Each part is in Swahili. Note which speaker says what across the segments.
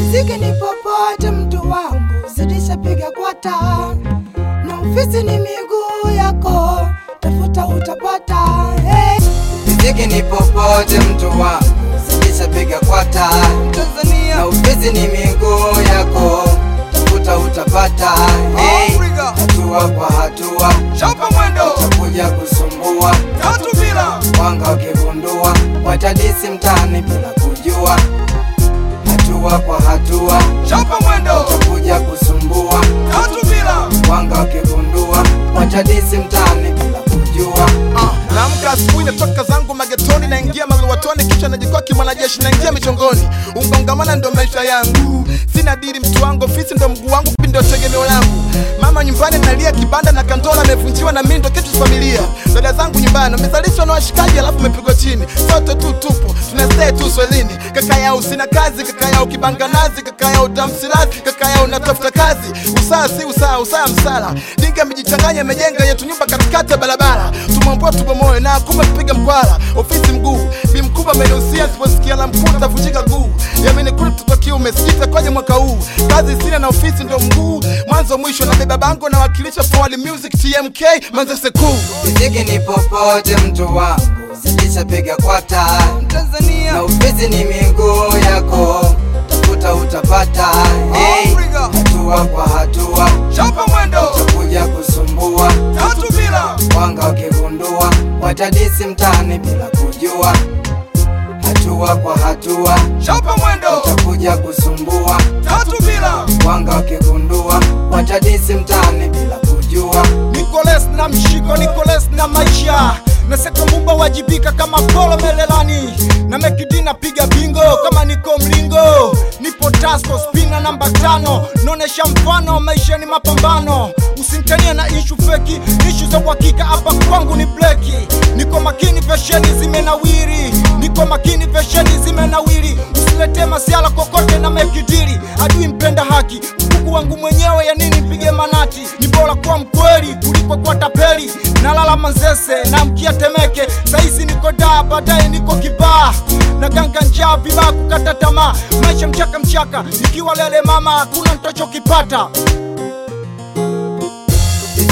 Speaker 1: Ziki ni popote mtu wangu, zidisha piga kwata, na ufisi ni miguu yako, tafuta utapata. Hey.
Speaker 2: Ziki ni popote mtu wangu, zidisha piga kwata, na ufisi ni miguu yako, tafuta utapata. Hatua kwa hatua, chapa mwendo, utakuja kusumbua tatu bila wanga, wakigundua watadisi mtani bila kujua hatua kwa hatua, chapa mwendo, kuja kusumbua watu bila wanga wakigundua, wacha disi mta
Speaker 3: yangu magetoni, naingia maluwatoni, kisha najikwaki mwanajeshi, naingia michongoni. Ungongamana ndo maisha yangu, sina diri mtu wangu, fisi ndo mguu wangu, ndio tegemeo langu. Mama nyumbani nalia, kibanda na kantola amevunjiwa, na mindo kitu familia. Dada zangu nyumbani umezalishwa na washikaji, alafu umepigwa chini. Sote tu tupo tunastee tu swelini. Kaka yao sina kazi, kaka yao kibanganazi, kaka yao damsilazi, kaka yao natafuta kazi. Usaa si usaa, usaa msala Mpiga amejichanganya, mejenga yetu nyumba katikati ya barabara, tumwambua tubomoe na kumbe kupiga mkwara, ofisi mguu mkubwa amenihusia, siposikia la mkuu tavunjika guu, yamini kuli mtoto kiume sita kwaje mwaka huu, kazi sina na ofisi ndo mguu, mwanzo mwisho na beba bango na
Speaker 2: wakilisha forward music TMK Manze kuu muziki ni popote mtu wangu, sijishapiga kwata Tanzania na ofisi ni miguu utadisi mtani bila kujua, hatua kwa hatua chapa mwendo utakuja kusumbua tatu bila wanga wakigundua, watadisi mtani bila kujua. Nicolas na mshiko, nikoles na maisha na Seto Mumba wajibika
Speaker 4: kama Polo Melelani na Mekidina piga bingo kama niko mlingo, nipo tasko spina namba tano, naonesha mfano, maisha ni mapambano. Usimtania na ishu feki, ishu za uhakika hapa kwangu ni bleki. Niko makini, fesheni zimenawiri, niko makini, fesheni zimenawiri. Usilete masiala kokote na mekidiri, adui mpenda haki Mungu wangu mwenyewe, ya nini pige manati? Ni bora kuwa mkweli kuliko kwa tapeli. Nalala Manzese na mkia Temeke, saizi niko daa, baadaye niko Kibaa na ganga njaa, vibaa kukata tamaa, maisha mchaka mchaka, nikiwa lele mama, hakuna nitachokipata.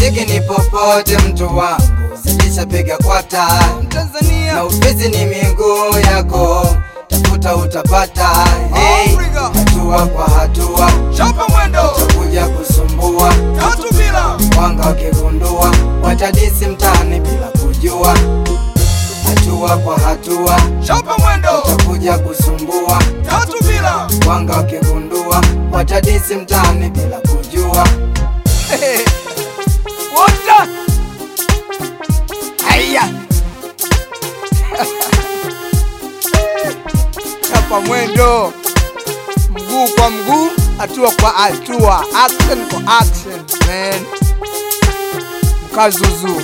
Speaker 2: Jijini ni popote mtu wangu sijapiga kwata Tanzania, na upezi ni miguu yako, tafuta utapata. Hey hatua kwa hatua, chapa mwendo takuja kusumbua tatu bila wanga wakigundua, watadisi mtaani bila kujua. Hatua kwa hatua, chapa mwendo takuja kusumbua tatu bila wanga wakigundua, watadisi mtaani bila kujua. Chapa mwendo mguu kwa mguu, hatua kwa hatua, action kwa action, man. Mkazuzu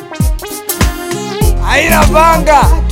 Speaker 2: aina banga.